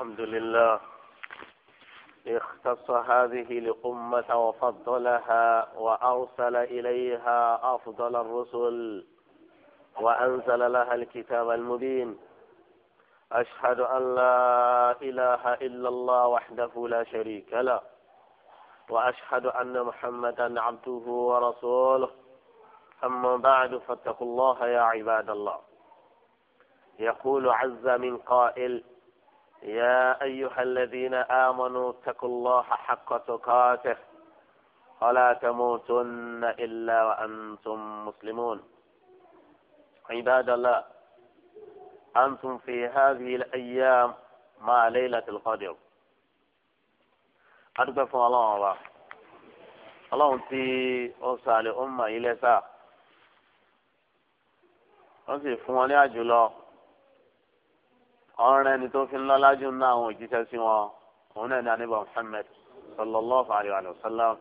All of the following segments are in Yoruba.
الحمد لله اختص هذه لقمة وفضلها وأرسل إليها أفضل الرسل وأنزل لها الكتاب المبين أشهد أن لا إله إلا الله وحده لا شريك له وأشهد أن محمدا عبده ورسوله أما بعد فاتقوا الله يا عباد الله يقول عز من قائل يا أيها الذين آمنوا اتقوا الله حق تقاته ولا تموتن إلا وأنتم مسلمون عباد الله أنتم في هذه الأيام مع ليلة القدر أدقف الله الله الله أنت أوصى لأمة إلى ساعة أنت فواني أجلو ọ̀rẹ́ ni tó fi ń lọ́lá jù ní àwọn òjíṣẹ́ sí wọn òun náà ní aníbà Muhammad sallallahu alayhi wa sallam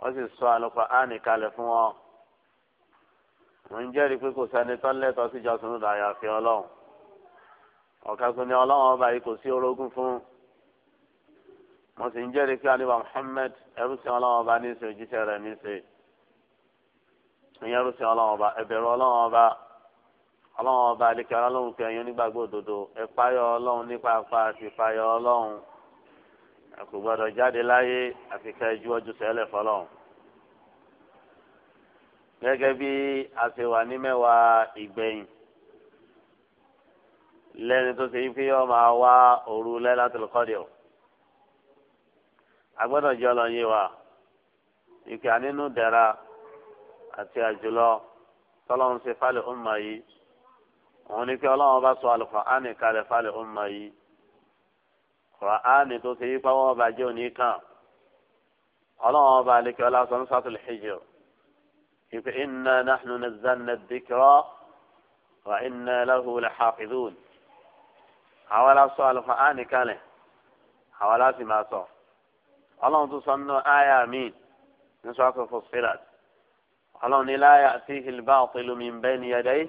wọ́n sì sọ àlùkò áàní kalẹ̀ fún wọn. mo ń jẹ́rìí pé kò sẹ́ni tó lẹ́tọ̀ọ́ sí ìjọsìn lóde àyàfi ọlọ́run ọ̀kan tó ní ọlọ́run ọba yìí kò sí orogún fún mo sì ń jẹ́rìí pé aníbà Muhammad ẹrú sí ọlọ́run ọba ní í òjíṣẹ́ rẹ̀ ní í ìyẹn ẹrú sí ọlọ́run ọba ẹ̀bẹ̀rù ọlọ́run ọba ọlọ́run ọba àlekè ọlọ́run kẹyìn onígbàgbọ́ òdodo ẹ páyọ ọlọ́run nípa apá àti páyọ ọlọ́run ẹ kò gbọdọ̀ jáde láyé àfi kẹjú ọjọ́ sẹ́lẹ̀ fọlọ́run. gẹ́gẹ́ bí a ṣe wà ní mẹ́wàá ìgbẹ̀yìn lẹ́ni tó ṣe yí pé yọ́ máa wá òru Lailatul Qadr agbọ́dọ̀ jẹ́ ọlọ́yin wa ìpè ànínú dẹ̀ra àti àjùlọ tọ́lọ́run ṣe fálẹ̀ ọmọ òun ni pé ọlọ́run bá sọ alukur'ani kalẹ̀ falẹ̀ ọmọ yìí kur'ani tó ṣe yípa wọn bá jẹ́ òní kan ọlọ́run bá aleke ọlá sọ ní sátúl hijr ìpè inna nahnu nazzalna dhikra wa inna lahu lahafidun àwọn aláṣọ alukur'ani kalẹ̀ àwọn aláṣì máa sọ ọlọ́run tó sọ nínú àyà mi ní sọ́kò fòsílà ọlọ́run ní la ya'tihi al-batilu min bayni yadayhi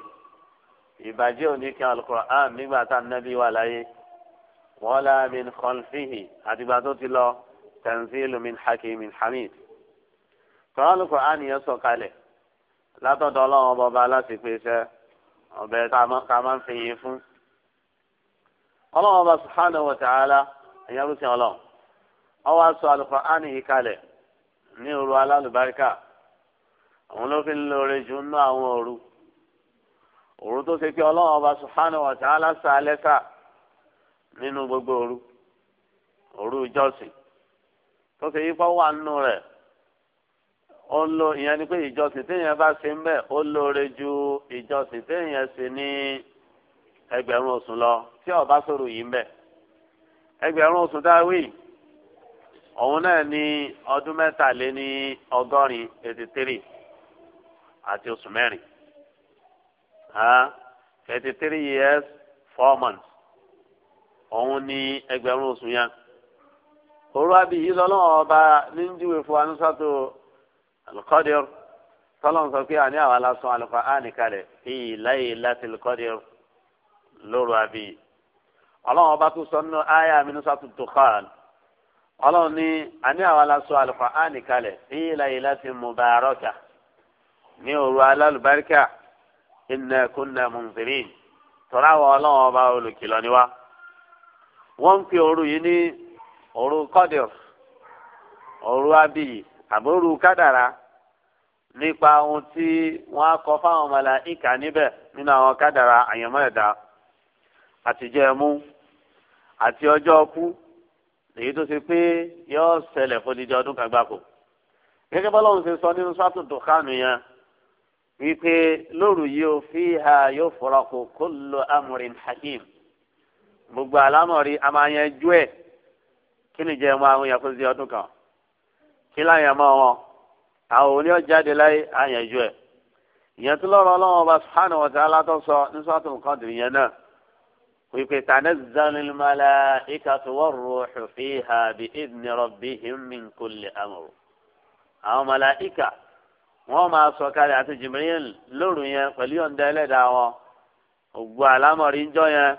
ìbàjẹ́ òní kan alukur'an nígbà tá a nábì wà láyé wala min khalfihi àtìgbà tó ti lọ tanzilu min hakimin hamid. tọ́lá alukur'an yẹn sọ kalẹ̀ látọ̀dọ̀ ọlọ́run bọba láti pèsè ọbẹ̀ ká máa ń fi yín fún. ọlọ́run bá subhanahu wa ta'ala ẹ̀yẹ́ ọlọ́run ọ wá sọ alukur'an yìí kalẹ̀ ní òru alálùbáríkà àwọn ló fi ń lóore jù ń àwọn òru. òru tó ṣe pé ọlọ́run ọba subhanahu wa ta'ala sàlẹ́sà nínú gbogbo òru òru ìjọsìn tó ṣe yípa wà nínú rẹ̀ ó lo ìyẹn ni pé ìjọsìn téèyàn bá ṣe ń bẹ̀ ó lóore ju ìjọsìn téèyàn ṣe ní ẹgbẹ̀rún oṣù lọ tí ọba sọ̀rọ̀ yìí ń bẹ̀ ẹgbẹ̀rún oṣù dáwì òun náà ní ọdún ọgọ́rin eighty three àti oṣù thirty years four months òun ni ẹgbẹ̀rún oṣù yẹn òru abiyi lọ́lọ́wọ́ ọba ní ń fún anúṣàtò alukọ́dìr tọ́lọ́n sọ pé àní àwọn aláṣọ alùpàá ànìkalẹ̀ fi ìláyè láti alukọ́dìr lóru ọba tó sọ nínú àyà minúṣàtò dùkán ọlọ́wọ́ ní àní àwọn aláṣọ láti ní òru alálùbáríkà. inna kunna munzirin tọ́láwọ̀ ọlọ́wọ́ ọba olùkìlọ̀ ni wá. wọ́n ń pe òru yìí ní òru kọ́dìr òru abiyì àbóru kádàrá nípa ohun tí wọ́n á kọ fáwọn màláíkà níbẹ̀ nínú àwọn kádàrá àyànmọ́ ẹ̀dá àtijọ́ ẹ̀mú àti ọjọ́ ọkú èyí tó ṣe pé yóò ṣẹlẹ̀ fún ìdíje ọdún kan gbáko. gẹ́gẹ́ bọ́lá ṣe sọ nínú sátúndùn kánú yẹn wípé lóru yìí ó fi ha yóò fọ̀rọ̀ kó kó lo amúrin hakim gbogbo àlámọ̀rí a máa yẹn jú ẹ̀ kí ni jẹ́ mọ́ àwọn yẹn kó sí ọdún kan kí láyẹn mọ́ wọn àwọn òní ọ̀jáde láyé á yẹn jú ẹ̀ ìyẹn tó lọ́rọ̀ ọlọ́wọ́n bá subhanahu wa ta'ala tó sọ ní suratul yẹn náà wípé tanazzalu malaikatu war-ruhu fiha bi idni rabbihim min kulli amr àwọn màláìka wọ́n máa sọ kalẹ̀ àti Jibril lóru yẹn pẹ̀lú yọ̀ǹda ẹlẹ́dàá wọn gbogbo àlámọ̀rí ńjọ́ yẹn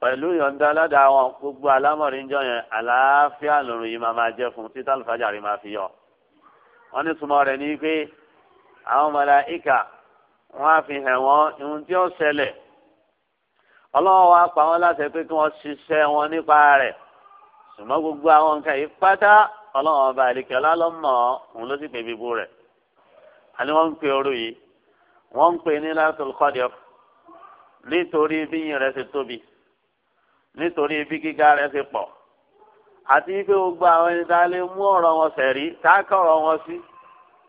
pẹ̀lú yọ̀ǹda ẹlẹ́dàá wọn gbogbo àlámọ̀rí ńjọ́ yẹn àlàáfíà lòrùn yìí máa máa jẹ́ fún títà lùfàjàrí máa fi yọ. wọ́n ní túmọ̀ rẹ̀ ní pé àwọn màláíkà wọ́n á fi hàn wọ́n ohun tí ó ṣẹlẹ̀ ọlọ́wọ́ wa pa wọ́n láti pé kí wọ́n ṣiṣẹ́ wọn nípa rẹ̀ ṣùgbọ́n gbogbo àwọn nǹkan yìí ọlọ́wọ́ ọba àlìkẹ́ ọlá lọ́mọ́ òun ló sì pè bíbú rẹ̀ àní wọ́n ń pe òru yìí wọ́n ń pe ní látòlù kọ́dìọ́ nítorí bí yìn rẹ̀ ṣe tóbi nítorí bí gíga rẹ̀ ṣe pọ̀ àti wípé gbogbo àwọn ẹni tá a lè mú ọ̀rọ̀ wọn sẹ̀rí tá a kọ̀ ọ̀rọ̀ wọn sí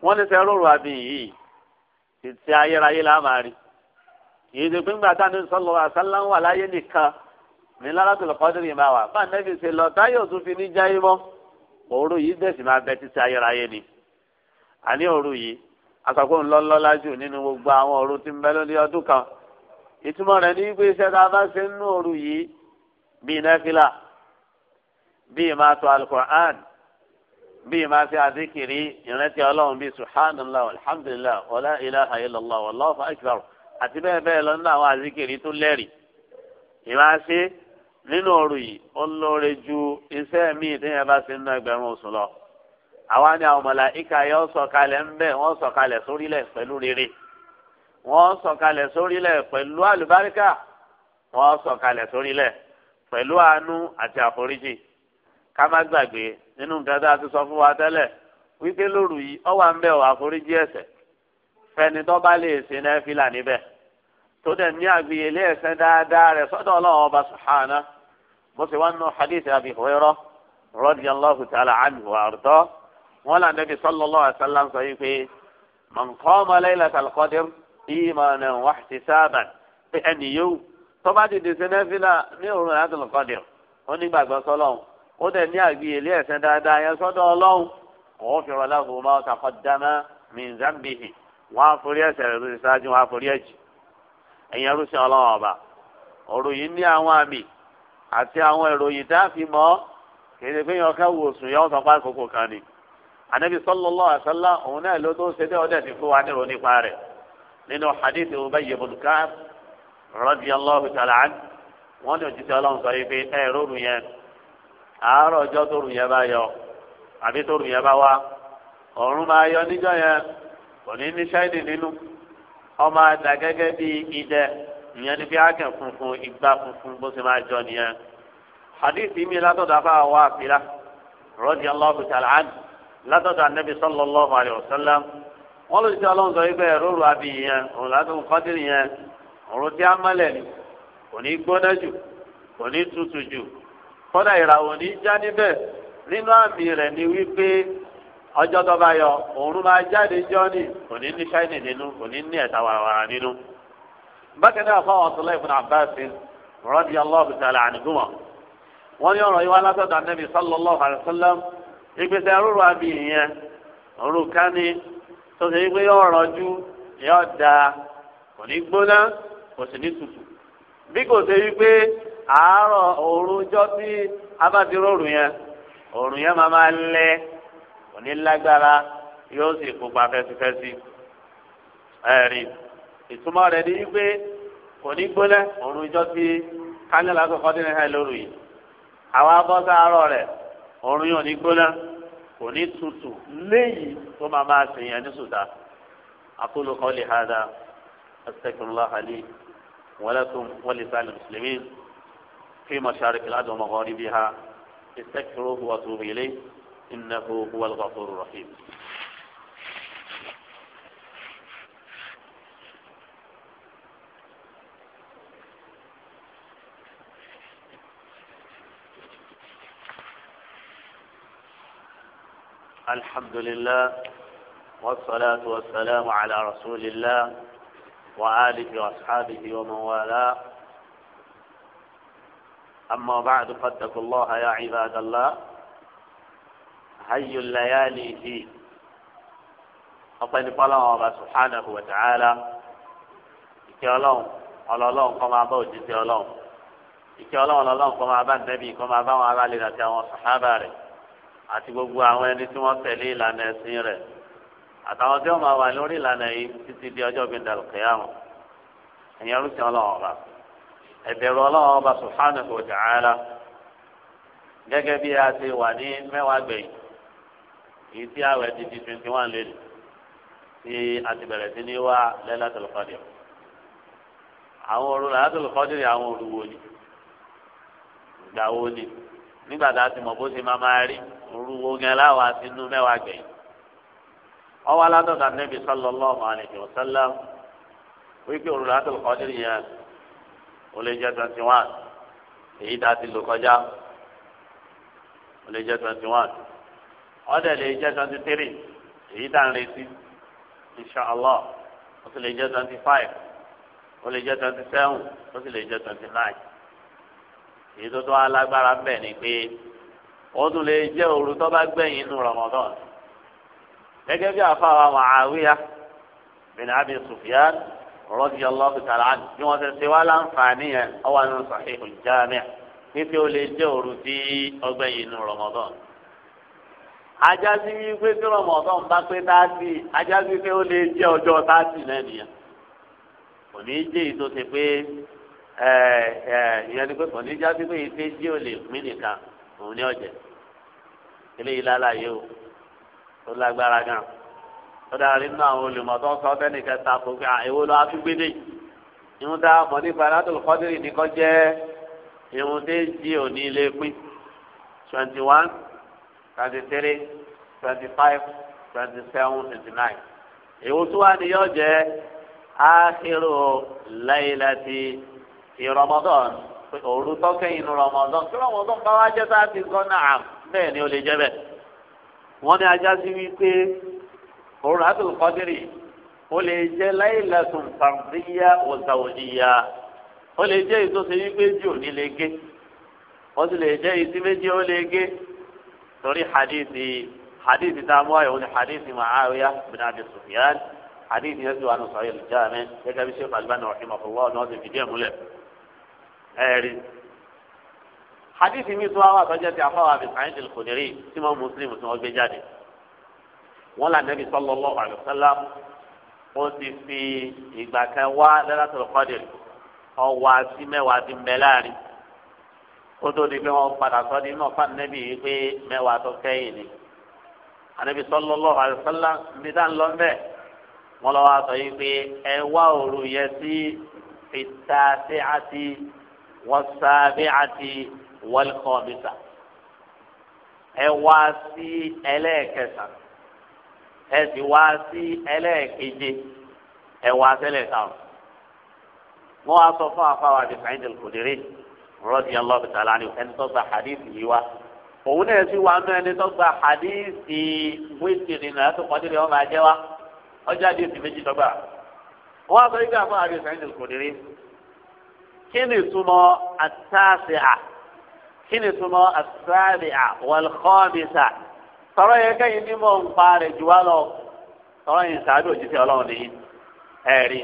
wọ́n ní sẹ́rù òru àbí yìí títí ayérayé la máa rí yìí ṣe pé ńgbà táwọn ẹni sọ́lọ́ àṣálá ń wà láyé nìkan ní lálátòlù kọ́dìrì máa wà bá nẹ́bí ṣe lọ táyọ̀ tún fi ní jáyé mọ́ òru yìí bẹ̀sì máa bẹ títí ayérayé ni àní òru yìí àkọ́kọ́ ńlọ́lọ́lá jù nínú gbogbo àwọn òru tí ń bẹ lórí ọdún kan ìtumọ̀ rẹ̀ ní wípé iṣẹ́ tá a bá ṣe nínú òru yìí bíi nẹ́fìlà bíi máa tọ alukur'an bíi máa ṣe àdìkìrí ìrántí ọlọ́run bíi subhanallah alhamdulillah wàlá ilaha illallah wallahu akbar àti bẹ́ẹ̀ bẹ́ẹ̀ lọ nínú àwọn àdìkìrí tó lẹ́rìí ìmáa ṣe nínú òru yìí ó lóore ju iṣẹ́ míì téèyàn bá ṣe nínú ẹgbẹ̀rún oṣù lọ. àwa ni àwọn mọ̀láìkà yóò sọ̀kalẹ̀ ńbẹ wọ́n sọ̀kalẹ̀ sórílẹ̀ pẹ̀lú rere wọ́n sọ̀kalẹ̀ sórílẹ̀ pẹ̀lú àlùbáríkà wọ́n sọ̀kalẹ̀ sórílẹ̀ pẹ̀lú àánú àti àforíjì ká má gbàgbé nínú nǹkan tá a ti sọ fún wa tẹ́lẹ̀ wípé lóru yìí ọ wà ń bẹ̀ ọ àforíjì ẹ̀ṣẹ̀ fẹ́ni tó bá lè ṣe náà fìlà níbẹ̀ tó dẹ̀ ní àgbéyẹlé ẹ̀ṣẹ̀ Abi wọn là nẹbi sallallahu alaihi wasallam sọ yìí pé man qama laylatal qadr imanan wa ihtisaban pé ẹnì yóò tọ́ba ti dèsè nẹ́fìlà ní òru laylatal qadr ó ní gbàgbọ́ sọlọ́hún ó dẹ̀ ní àgbìyèlé ẹ̀sẹ̀ dáadáa yẹn sọ́dọ̀ ọlọ́hún kò fi rọlá fún ma taqaddama min zambihi wọn á forí ẹ̀ṣẹ̀ rẹ̀ lórí ṣáájú wọn á forí ẹ̀jì ẹ̀yin ọlọ́run ọba ọ̀rọ̀ ní àwọn àmì anabi sallallahu alaihi wa sallam òun náà ló tó ṣe dé ọdẹ ti fún wa nírò nípa rẹ̀ nínú hadith Ubay ibn Ka'b radiyallahu ta'ala anhu wọn ní òjijì Ọlọ́run sọ yìí pé ẹ rọrùn yẹn àárọ̀ ọjọ́ tó rùn yẹn bá yọ àbí tó rùn yẹn bá wá ọ̀run máa yọ níjọ́ yẹn kò ní ní ṣáìdì nínú ọmọ àdá gẹ́gẹ́ bí idẹ ìyẹn ní bí ákẹ́ funfun igbá funfun bó ṣe máa jọ nìyẹn hadith mi látọ̀dọ̀ afáwà wà á fi rá radiyallahu ta'ala látọ̀dọ̀ anabi sallallahu alayhi wa sallam wọ́n ló ti ọlọ́run sọ wípé ẹ̀rọ òru abì yẹn òun látọ̀ kọ́dírì yẹn òun tí a mọ́lẹ̀ ni kò ní gbóná jù kò ní tutù jù kódà ìràwọ̀ ní já níbẹ̀ nínú àmì rẹ̀ ni wípé ọjọ́ tó bá yọ òun máa jáde jọ́ni kò ní ní ṣáínì nínú kò ní ní ẹ̀ta wàràwàrà nínú. bákan náà fáwọn ọ̀túnlẹ̀ yìí wá látọ̀dọ̀ anabi sallallahu alayhi ìgbésẹ arúgbó àbí yẹn òrùka ni tó ṣe pé yọ ju yọ da kò ní gbóná kò sì ní tutù bí kò ṣe wípé àárọ̀ òrùjọ́ tí yẹn òrùn yẹn máa máa lẹ kò ní lágbára yóò sì pupa fẹsifẹsi ẹ̀rí ìtumọ̀ ọrùn yóò ní gbóná kò ní tutù léyìí tó máa máa sèyàn ní sùdà aqulu qawli hadha astaghfirullah li wa lakum wa li sa'il muslimin fi masharik al-ard wa magharibiha استغفروه واتوبوا اليه انه هو الغفور الرحيم الحمد لله والصلاة والسلام على رسول الله وآله وأصحابه ومن والاه أما بعد فاتقوا الله يا عباد الله هي الليالي فيه أطلب الله سبحانه وتعالى يكي ọlọ́lọ́run kọ́ máa bá òjijì ọlọ́run ìkẹ́ ọlọ́run ọlọ́run kọ́ máa bá nẹ́bí kọ́ máa bá wọn àti gbogbo àwọn ẹni tí wọn tẹ̀lé ìlànà ẹsìn rẹ. àtàwọn tí wọ́n máa wà lórí ìlànà yìí títí di ọjọ́ bíi dàlùkìyàmù ẹ̀yin ọba ẹ̀bẹ̀rù ọlọ́wọ́n ọba subhanahu wa ta'ala gẹgẹ bí a ti wà ní mẹ́wàá gbẹ̀yìn èyí tí ti di twenty one tí a ti sí ní wá àwọn òru nígbà tá a ti mọ̀ bó ṣe máa máa rí orúwo gan láwa ti nú mẹ́wàá gbẹ̀yìn. ọwọ́ aládọ́ta nẹ́bí sallallahu alaihi wasallam wípé Lailatul Qadr yẹn ó lè jẹ́ twenty one èyí tá a ti lò kọjá ó lè jẹ́ twenty one ọ̀dẹ̀ lè jẹ́ twenty three èyí tá a ń retí inshallah ó sì lè jẹ́ twenty five ó lè jẹ́ twenty seven ó sì lè jẹ́ twenty nine èyí tó tó alágbára bẹ̀ ni pé ó tún lè jẹ́ òru tó bá gbẹ̀yìn inú Ramadan gẹ́gẹ́ bí àfàwà Muawiya bin Abi Sufyan radiyallahu ta'ala anhu bí wọ́n ti ṣe wá láǹfààní yẹn ọwọ́ nínú Sahihul Jami' pípé ó lè jẹ́ òru tí ọgbẹ̀yìn inú Ramadan ajásí wípé tí Ramadan bá pé táàtì ajásí pé ó lè jẹ́ ọjọ́ táàtì náà nìyẹn kò ní í jẹ́ èyí tó pé. ìyẹn ni pé kò ní jáde pé ife jí ò lè pín nìkan òun ní ọ̀jẹ̀ eléyìí lálàyé o ó lágbára gan ó dára nínú àwọn olùmọ̀tọ́ sọ fẹ́nìkan ta kó pé àìwó lọ afúgbédè ìhun tá a mọ̀ nípa látòlù kọ́dírì jẹ́ ìhun tó jí ò ní pín twenty one twenty three twenty five twenty seven twenty nine tó wà ní jẹ́ fi rọmọdán òru tọ́kẹ́yìn nu rọmọdán tí rọmọdán bá wá jẹ́ sáà ti gan náà bẹ́ẹ̀ ni ó lè jẹ́ bẹ́ẹ̀. wọ́n ní ajá sí wípé òru àti olùkọ́dírì ó lè jẹ́ láìlẹ́sùn fàǹdíyà òsàwòdìyà ó lè jẹ́ ìtòsí wípé jù ní lè gé ó sì lè jẹ́ ìtí méjì ó lè gé torí hadithi hadithi tá a mú ayọ̀ ní hadithi Muawiya bin Abi Sufyan hadithi yẹn ti wà ní sọ̀rọ̀ ìlú jáàmẹ́ gẹ́gẹ́ bí sèkò alibani rahimahullah náà ti fìdí ẹ̀ múlẹ̀ ẹ̀rí hadithi mi tó wá wà sọjá ti afọwà bí sàyẹn tìlù kòdìrí tí wọn mùsùlùmí tí wọn gbé jáde wọn là nẹbi sallallahu alaihi wasallam ó ti fi ìgbà kan wá lẹ́látọ̀lù kọ́dìrì ọwọ́ àti mẹ́wàá ti ń bẹ láàrin ó tó di pé wọn padà sọ ní náà fún nẹbi yìí pé mẹ́wàá tó kẹ́yìn ni ànẹbi sallallahu alaihi mi dá ń lọ mẹ́ wọn lọ wá yìí pé ẹ wá òru yẹ sí ìta wọ́sàbíàtì wọ́lkọ́bìtà ẹ wá sí ẹlẹ́ẹ̀kẹsàn ẹ sì wá sí ẹlẹ́ẹ̀keje ẹ wá sẹ́lẹ̀ káwọn. wọ́n wá sọ fún afáwà àti sàyìn dèlkùdìrín rọ́ọ̀dì ọlọ́ọ̀bì tààlà ni ẹni tó gba hadith yìí wá òun náà sì wà nínú ẹni tó gba hadith wíìtìrì náà tó kọjú ni wọ́n máa jẹ́ wá ọjọ́ àdéhùn méjì tó gbà. wọ́n wá sọ yìí kí afáwà àti sàyìn dèlkùdìrín kí ni túmọ̀ àtàṣìà kí ni túmọ̀ àtàṣìà wàlúkọ́mìsà sọ̀rọ̀ yẹn kẹ́yìn ní mọ̀ ń pa rẹ̀ jù wá lọ sọ̀rọ̀ yẹn sàádù òjíṣẹ́ ọlọ́run nìyí ẹ̀rí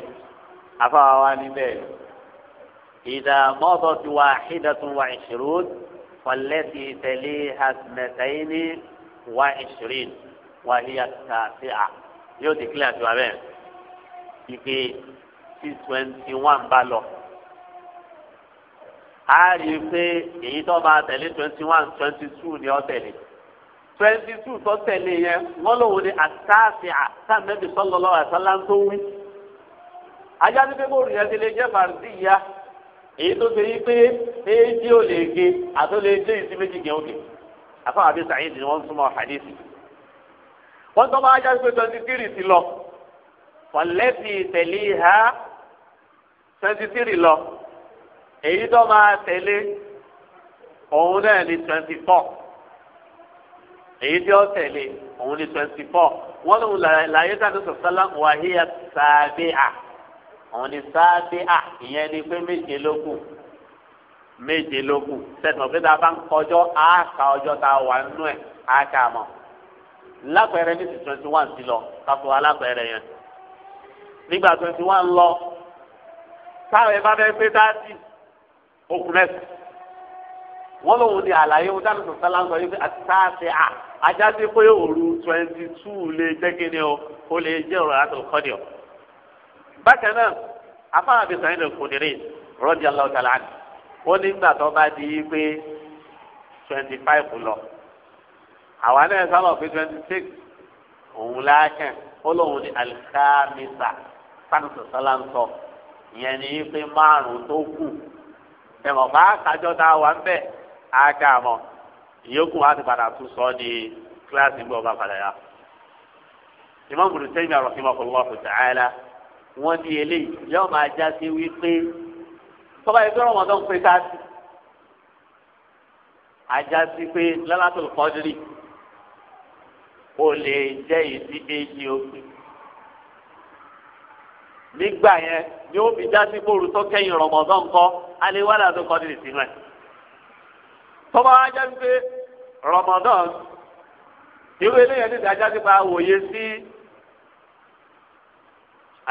afáwa wa níbẹ̀ ìdá mọ́tò ti wà hídàtún wà ìṣirò fọlẹ́tì tẹ̀lé hasmẹ́tẹ́yìnì wà ìṣirin wà híyà tàṣìà yóò di kílẹ̀ àti bẹ́ẹ̀ ìpè six twenty one bá lọ. a rí i pé èyí tó máa tẹ̀lé twenty one twenty two ni ó tẹ̀lé twenty two tó tẹ̀lé yẹn wọ́n lòun ni àtàtì àtàmẹ́bí sallallahu alaihi wasallam tó wí. ajá ní pépé òrìṣẹ́ ti lè jẹ́ fàrùdí ìyá èyí tó ṣe yí pé éjì ò lè ge àtó lè dé ìsí méjì gẹ̀ òkè àbí ti lọ wọ́n lẹ́sìn tẹ̀lé ha twenty three lọ. èyí tó máa tẹ̀lé òun náà ní twenty four èyí tí ó tẹ̀lé òun ní twenty four wọ́n lòun láyé sàdó sọ̀sálà wàhíyà sábẹ́à òun ní sábẹ́à ìyẹn ni pé méje ló kù méje ló kù sẹ́tùmọ̀ pé tá a bá ń kọjọ́ á ka ọjọ́ tá a wà nínú ẹ̀ á kà mọ̀ lápẹẹrẹ ní ti twenty one ti lọ káfọ alápẹẹrẹ yẹn nígbà twenty one lọ táwọn ẹ bá fẹ́ pé thirty okùn mẹ́sàn wọ́n lòun ní àlàyé wọn dáná sọ̀tà láńsọ yìí àtàtì à ajá pé òru twenty two lè jẹ́ kí ni o ó lè jẹ́ ọ̀rọ̀ àti ọ̀kọ́ni o. bákan náà afáwọn abisàn yìí lè kú nírì rọ́ọ̀dì aláwọ̀tàlá ni wọ́n ní gbà tó bá di pé twenty five lọ àwa náà sábà pé twenty six òun láàkàn ó lòun ní alikamisa sáńsọ̀ sálánsọ ìyẹn ní pé márùn tó kù ẹ̀mọ̀ bá kájọ́ tá a wà ń bẹ̀ á ká mọ̀ ìyókù wa ti padà tún sọ ní kíláàsì gbọ́ ọba padà yá. Imam Ibn Taymiyyah rahimahullahu ta'ala wọ́n ní eléyìí yóò máa já sí wípé tọ́ba yìí tọ́rọ̀ wọn tó ń pè ká sí. ajá sí pé lálátò kọ́dírì ó lè jẹ́ ìdí méjì ó nígbà yẹn ni ó fi já sí kóoru tó kẹ́yìn rọmọdán kọ́ aléwálé àtọkọ́ nílẹ̀ sínú ẹ̀. tọ́ba wa jẹ́ pé rọmọdán irú eléyẹn ní ìdájá sí pa wòye sí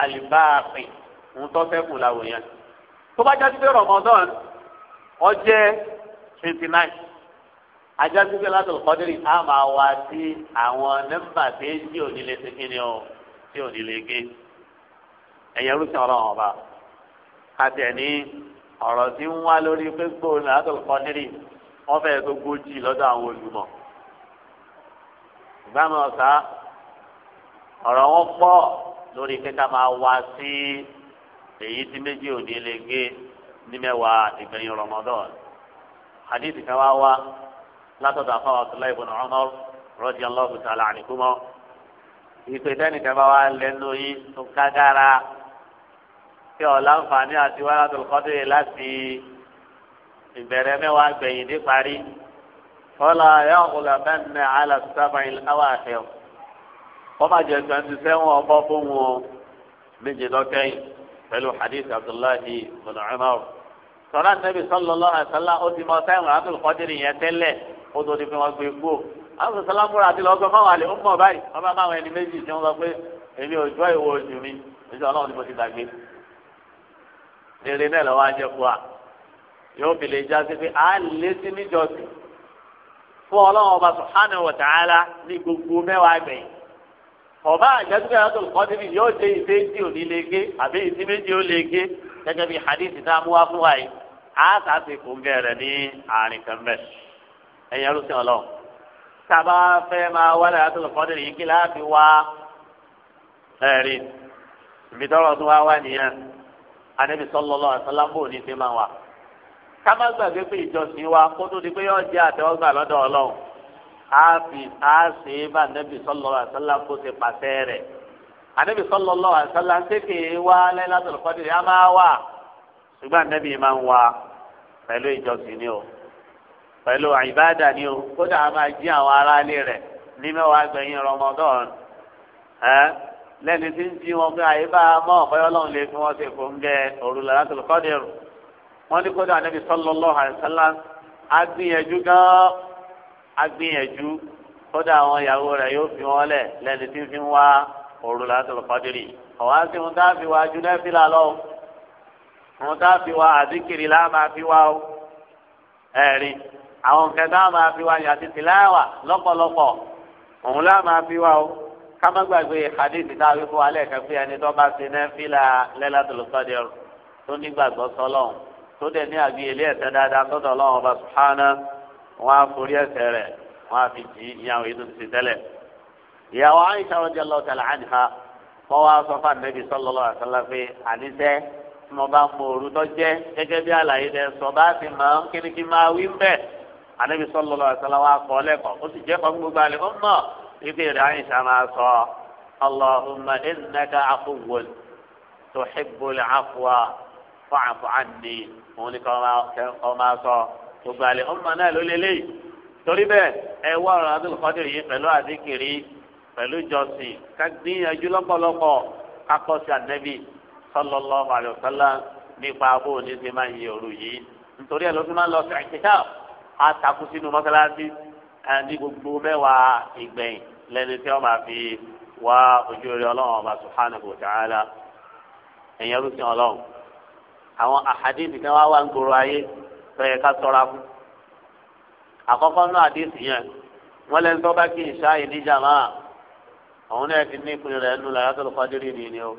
àlìbáàpìn ń tọ́ fẹ́ kù yẹn. tó bá pé rọmọdán ọjẹ́ twenty nine ajásí látọ̀ kọ́dírì á máa wá sí àwọn nọ́mbà péjì òní lè ṣe kíni o tí òní lè gé ẹ̀yẹ rúṣin ọlọ́run ọba àti ẹ̀ní ọ̀rọ̀ tí ń wá lórí pépò látọ̀lù kọ́nírì wọ́n fẹ́ẹ́ tó gbójì lọ́dọ̀ àwọn olùmọ̀ ìbámu ọ̀sá ọ̀rọ̀ wọn pọ̀ lórí kíkà máa wá sí èyí tí méjì òní lè gbé ní mẹ́wàá ìgbẹ̀yìn rọmọdọ́n hadith kan wá wá látọ̀dọ̀ àfọwọ́ abdullahi ibn umar radiyallahu ta'ala anhuma ìpè dẹ́nìkan bá wá lẹ́nu yìí tó kágára tí ọ̀la ń fa ní àti wáyà tó kọ́tù yìí láti ìbẹ̀rẹ̀ mẹ́wàá gbẹ̀yìn dé parí. fọlá yóò kúlọ̀ bẹ́ẹ̀ ní alàtúntàmà ìlàwọ̀ àfẹ́ọ̀. wọ́n máa jẹ twenty seven ọkọ̀ fún wọn méje lọ́kẹ́yìn pẹ̀lú hadith abdullahi bin umar. sọ̀rọ̀ àtẹ́bí sọ́lọ́lọ́ àṣálá ó ti mọ sẹ́wọ̀n àti olùkọ́jìrì yẹn tẹ́lẹ̀ ó tó di fi wọn gbé gbó. àwọn sọ̀sọ́lámúra àti lọ́gbọ́n fáwọn àlè ó mọ̀ báyìí wọ́n rere náà lọ́wọ́ ajẹ́ fún wa yóò fi lè já sí pé a lè sí níjọsìn fún ọlọ́run ọba subhanahu wa ta'ala ní gbogbo mẹ́wàá gbẹ̀yìn ọba àjẹsíkẹ́ yàtọ̀ kọ́tìrì yóò ṣe ìṣe tí ò ní lè gé àbí ìṣe méjì ó lè gé gẹ́gẹ́ bí hadith náà mú wá fún wa yìí a sà ti kò ń ní àárín kan bẹ̀ ẹ̀yẹ ló sìn ọlọ́run sábà fẹ́ máa wálé yàtọ̀ kọ́tìrì yìí kí láti wá ẹ̀rí ìbítọ́rọ̀ tó wá wá nìyẹn anabi sallallahu alaihi wasallam bò ní sèmá wa ká má gbàgbé pé ìjọsìn wa kó tó di pé yóò jẹ àtẹ́wọ́gbà lọ́dọ̀ Ọlọ́run á fi á ṣe é bá anabi sallallahu alaihi wasallam kó ṣe pàṣẹ rẹ̀ anabi sallallahu alaihi wasallam sékè wá Lailatul Qadr á máa wà ṣùgbọ́n anabi máa ń wà pẹ̀lú ìjọsìn ni o pẹ̀lú ìbáàdà ni o kódà á máa jí àwọn aráalé rẹ̀ ní mẹ́wàá gbẹ̀yìn Ramadan lẹ́ni tí ń jí wọn pé àyíká mọ́ ọ̀bẹ́yọ́ lọ́hùn lè fi wọ́n ṣe fún gẹ́ òru Lailatul Qadr wọ́n ní kódà Ànábì sallallahu alaihi wasallam agbìyànjú gan agbìyànjú kódà àwọn ìyàwó rẹ̀ yóò fi wọ́n lẹ̀ lẹ́ni tí ń fi wá òru Lailatul Qadr ọ̀wá sí wọn tá wá ju nẹ́fìlà lọ wọn tá wá àdìkìrì láà fi wá o ẹ̀rí àwọn kẹta máa fi wá yàtìtì láwà lọ́pọ̀lọpọ̀ òun kama gbàgbé hadith náà wí fún alẹ́ kan pé ẹni tó bá ṣe náà fílà Lailatul Qadr tó nígbàgbọ́ sọlọ́hún tó dẹ̀ ní àbí ilé ẹ̀sẹ̀ dáadáa sọ́dọ̀ ọlọ́run ọba subhana wọn á forí ẹ̀ṣẹ̀ rẹ̀ wọn á fi jì í ìyàwó yìí tó ti tẹ́lẹ̀. ìyàwó Aisha radiyallahu ta'ala anha wọn wá sọ fún anabi sallallahu alaihi wasallam pé àníṣe tí mo bá mọ òru tó jẹ gẹ́gẹ́ bí àlàyé rẹ sọ bá ti mọ kíríkí máa wí bẹ́ẹ̀ anabi sallallahu alaihi wasallam wá kọ́ ìbéèrè àyìnṣà máa sọ allahumma innaka afuwun tuhibbul afwa fa'fu anni òun ni kọ́ máa sọ gbogbo àlè ọmọ náà ló lélẹ́yìí torí bẹ́ẹ̀ ẹ wá ọ̀rọ̀ abdulkadir yìí pẹ̀lú àdìkiri pẹ̀lú jọ̀sìn kágbìyànjú lọ́pọ̀lọpọ̀ akọ́sí ànẹ́bí àti gbogbo mẹ́wàá ìgbẹ̀yìn lẹ́ni tí wọ́n máa fi wá ojú rere ọlọ́run ọba subhanahu wa ta'ala ẹ̀yìn ọlọ́sìn ọlọ́run àwọn àhàdìsì kan wá wá ń gbòòrò ayé tọ́yẹ ká sọ́ra fún àkọ́kọ́ náà àdìsì yẹn wọ́n lẹ́nu tó bá kí ìṣá ìdíjà máa òun náà ti ní ìpinnu rẹ̀ nù láyàtọ̀ lọ́kọ́dúnrún ni ni o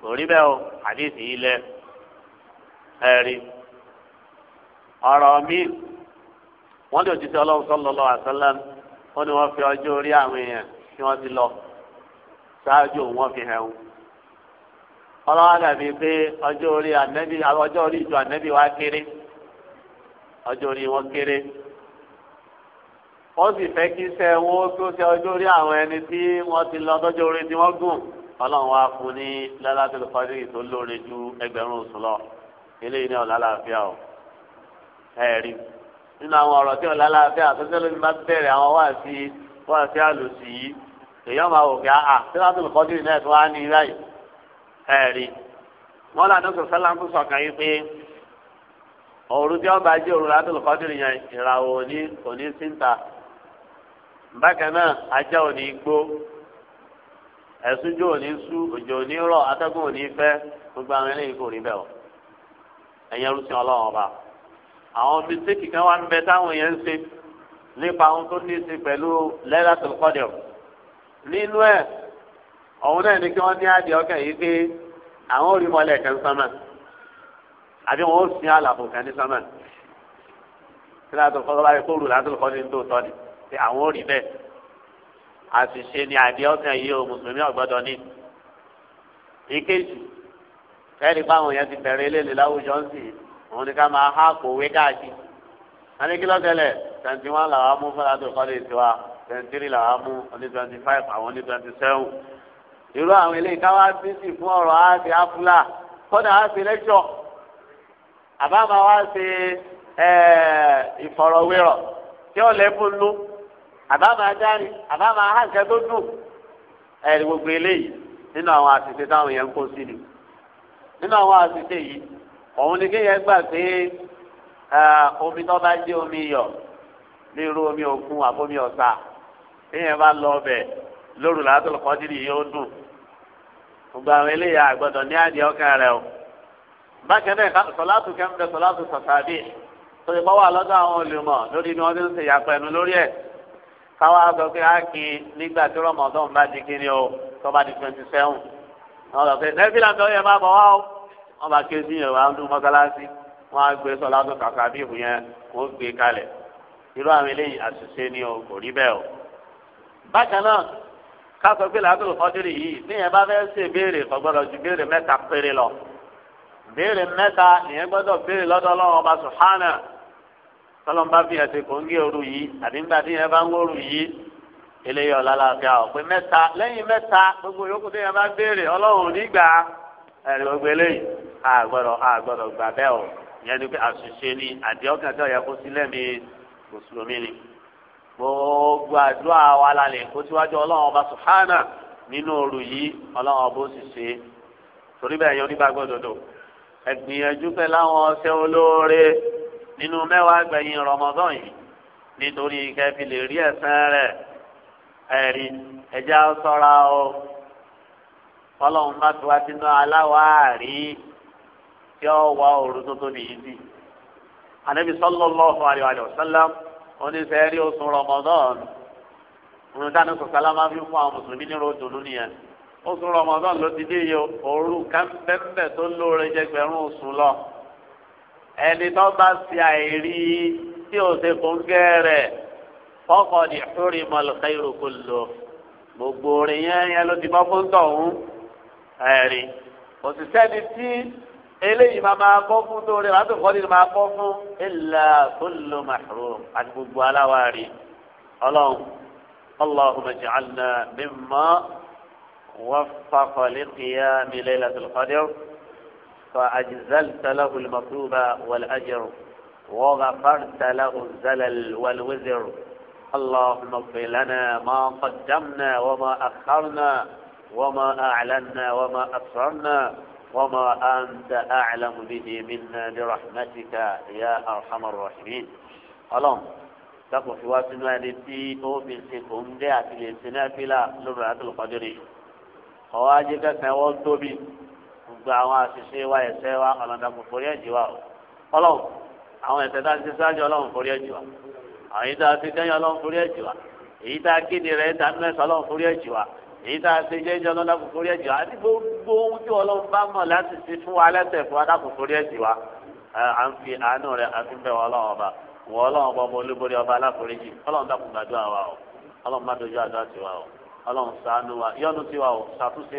kò bẹ́ẹ̀ o àdìsì yìí lẹ ẹ̀rí ọ̀rọ̀ míì wọ́n lè jíjẹ ọlọ́run sallallahu alaihi wasallam wọ́n ní wọ́n fi ọjọ́ orí àwọn èèyàn tí wọ́n ti lọ ṣáájú òun wọ́n fi hẹ̀ wọ́n. ọlọ́wọ́ dàbí pé ọjọ́ orí ànẹ́bí ọjọ́ orí ìjọ ànẹ́bí wa kéré ọjọ́ orí wọn kéré wọ́n sì fẹ́ kí iṣẹ́ wọn tó ṣe ọjọ́ orí àwọn ẹni tí wọ́n ti lọ tọ́jú orí tí wọ́n gùn ọlọ́run wa fún ní lálátìlú fọ́dírì tó lóore ju ẹgbẹ̀rún oṣù lọ eléyìí ní ọ̀lá ọ̀ ẹ̀rí nínú àwọn ọ̀rọ̀ tí ọ̀la aláfẹ́ àtúntẹ́ lómi bá bẹ̀rẹ̀ àwọn wá sí wá sí àlòsí yìí èèyàn máa wò pé tí wọ́n á tún kọ́ sí tó wá ní ráì ẹ̀rí. wọ́n là dókítà sálá ń tún sọ̀kan yìí pé òru tí ọba jẹ́ òru látòlù kọ́dìrì yẹn ìràwọ̀ òní òní síńta bákan náà ajá òní gbó ẹ̀sùnjó òní sú òjò òní rọ̀ atẹ́gùn òní fẹ́ gbogbo àwọn eléyìí kò rí bẹ́ẹ̀ o ẹ̀yẹn rúṣin ọlọ́run ọba àwọn mistake kan wà níbẹ̀ táwọn yẹn ń ṣe nípa ohun tó ní í ṣe pẹ̀lú Lailatul Qadr nínú ẹ̀ ọ̀hún náà ni kí wọ́n ní àdìẹ ọkàn yìí pé àwọn ò rí mọ́lẹ̀ kan sánmà àbí wọn ó sin àlàfo kan ní sánmà kí Lailatul Qadr báyìí kó rù Lailatul Qadr ní tòótọ́ ni pé àwọn ò bẹ́ẹ̀ àṣìṣe ni àdìẹ ọkàn yìí o mùsùlùmí ọ̀gbọ́dọ̀ ní ìkejì ẹni pé àwọn yẹn ti bẹ̀rẹ̀ eléyìí òun ni ká máa há kòwé káàkiri àní kí lọ́tẹ̀lẹ̀ twenty one làwọn mú fúnra tó tiwa twenty three làwọn mú twenty five àwọn oní twenty seven irú àwọn eléyìí ká wá bí sì fún ọ̀rọ̀ á ti áfúlà kódà á ti lẹ́jọ́ àbá máa wá ṣe ìfọ̀rọ̀wérọ̀ tí ó lẹ́kùn lú àbá máa dárí àbá máa há nǹkan tó dùn ni nínú àwọn àṣìṣe yìí. òun ni kéèyàn gbà pé omi tó bá jẹ́ omi iyọ̀ ní irú omi òkun àbomi ọ̀sà kéèyàn bá lọ ọbẹ̀ lóru làátọ̀ kọ́dírì yóò dùn gbogbo àwọn eléyà àgbọ̀dọ̀ ní àdìẹ ọkàn rẹ o bákan náà sọláàtù kẹ́mdẹ sọláàtù sọ̀tàbí tó ti bọ́wọ́ àlọ́dọ̀ àwọn olùmọ̀ lórí ni wọ́n ti ń ṣe yàpọ̀ lórí ẹ̀ káwá sọ pé á kí nígbà tí rọmọdún bá di kiri o tó bá di twenty seven wọn lọ pé nẹ́fìlà tó yẹ má bọ̀ wá o wọ́n bá ké sí yẹn wọ́n á dún mọ́sálásí wọ́n á gbé sọlá tó kàkà bí ìhùn yẹn kó gbé kalẹ̀ irú àwọn eléyìí àṣìṣe ni o kò rí bẹ́ẹ̀ o. bákan náà ká sọ pé làákùrù kọ́dúrì yìí níyẹn bá fẹ́ ṣe béèrè kò gbọ́dọ̀ ju béèrè mẹ́ta péré lọ béèrè mẹ́ta nìyẹn gbọ́dọ̀ béèrè lọ́dọ̀ ọlọ́run ọba sùhánà tọ́lọ́n bá fi ẹ̀sìn kò ń gé yìí àbí nígbà tí yẹn bá ń wóru yìí eléyìí ọ̀la láàfíà ọ̀ pé mẹ́ta lẹ́yìn mẹ́ta gbogbo yòókù tí yẹn bá béèrè ọlọ́run nígbà ẹ̀rì gbogbo eléyìí àgbọ̀dọ̀ àgbọ̀dọ̀ gbà bẹ́ẹ̀ o ìyẹn ni pé àṣìṣe ni àdéhùnkàn tó yẹ kó sílẹ̀ mi mùsùlùmí ni gbogbo àdúrà wa lálẹ́ kó síwájú ọlọ́run ọba sùhánà nínú òru yìí ọlọ́run ọba ó sì ṣe torí bẹ́ẹ̀ yẹn onígbàgbọ́ dòdò ẹ̀gbìyànjú pé láwọn ọṣẹ olóore nínú mẹ́wàá gbẹ̀yìn rọmọdán yìí nítorí kẹfì lè rí ẹ̀san rẹ̀ ẹ̀rí ẹ̀já sọ́ra o ọlọ́run má tó wá sínú tí ó wá òru tó tó nìyí sí. ànábi sallallahu alaihi wa sallam oníṣẹ́ rí oṣù rọmọdán olùdáni sọ̀sálà máa fi fún àwọn mùsùlùmí ní ròdùnú nìyẹn oṣù rọmọdán ló ti dé yìí òru kẹ́ńpẹ́ńpẹ́ tó lóore jẹgbẹ̀rún oṣù lọ ẹni tó bá ṣe àìrí tí ò ṣe kóńgẹ́ rẹ̀ fọ́kọ̀ ní ìṣúrí mọ̀lùkẹ́ ìrókò lò gbogbo orin yẹn yẹn ló ti bọ́ fún tọ̀hún ẹ̀rí òṣìṣẹ́ ni tí eléyìí máa máa bọ́ fún tó rẹ̀ látò kọ́ nínú máa bọ́ fún ilà kullu mahrum àti gbogbo aláwárí ọlọ́run allahumma ij'alna mimma waffaqa li qiyami laylatil qadr fa ajzalta lahu al-matluba wal ajr wa ghafarta lahu az-zalal wal wizr اللهم اغفر لنا ما قدمنا وما أخرنا وما أعلنا وما أسررنا وما أنت أعلم به منا برحمتك يا أرحم الراحمين اللهم تقوى في واسنا لتي أو من سكم دي أتلي سنافلة لرعة القدر خواجك سنوال توبي gbàwọn àṣìṣe wa ẹ̀ṣẹ̀ wa ọlọ́dàkùn forí ẹ̀jì wa ọlọ́run àwọn ẹ̀ṣẹ̀ tá a ti ṣáájú ọlọ́run forí ẹ̀jì wa àwọn èyí tá a ti kẹ́yìn ọlọ́run forí ẹ̀jì wa èyí tá a kéde rẹ̀ ẹ̀ta mẹ́sàn ọlọ́run forí ẹ̀jì wa èyí tá a ṣe jẹ́ ìjọ wa gbogbo ohun tí ọlọ́run bá mọ̀ wa lẹ́sẹ̀ fún wa à ń fi àánú rẹ̀ àti ọba ọlọ́run ọba ọmọ olúborí ọba aláforíjì ọlọ́run dákun wa o ọlọ́run má dojú wa o ọlọ́run wa sí wa o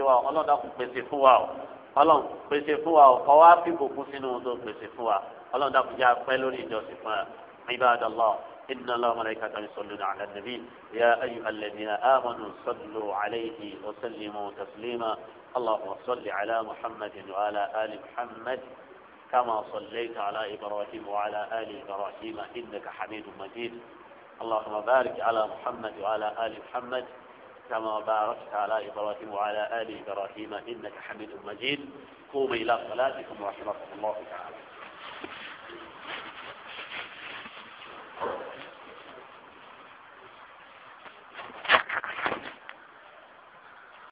wa o ọlọ́run wa o ọlọ́run pèsè fún wa o fi إن الله وملائكته يصلون على النبي يا أيها الذين آمنوا صلوا عليه وسلموا تسليما اللهم صل على محمد وعلى آل محمد كما صليت على إبراهيم وعلى آل إبراهيم إنك حميد مجيد اللهم بارك على محمد وعلى آل محمد كما باركت على إبراهيم وعلى آل إبراهيم إنك حميد مجيد قوم إلى صلاتكم ورحمة الله تعالى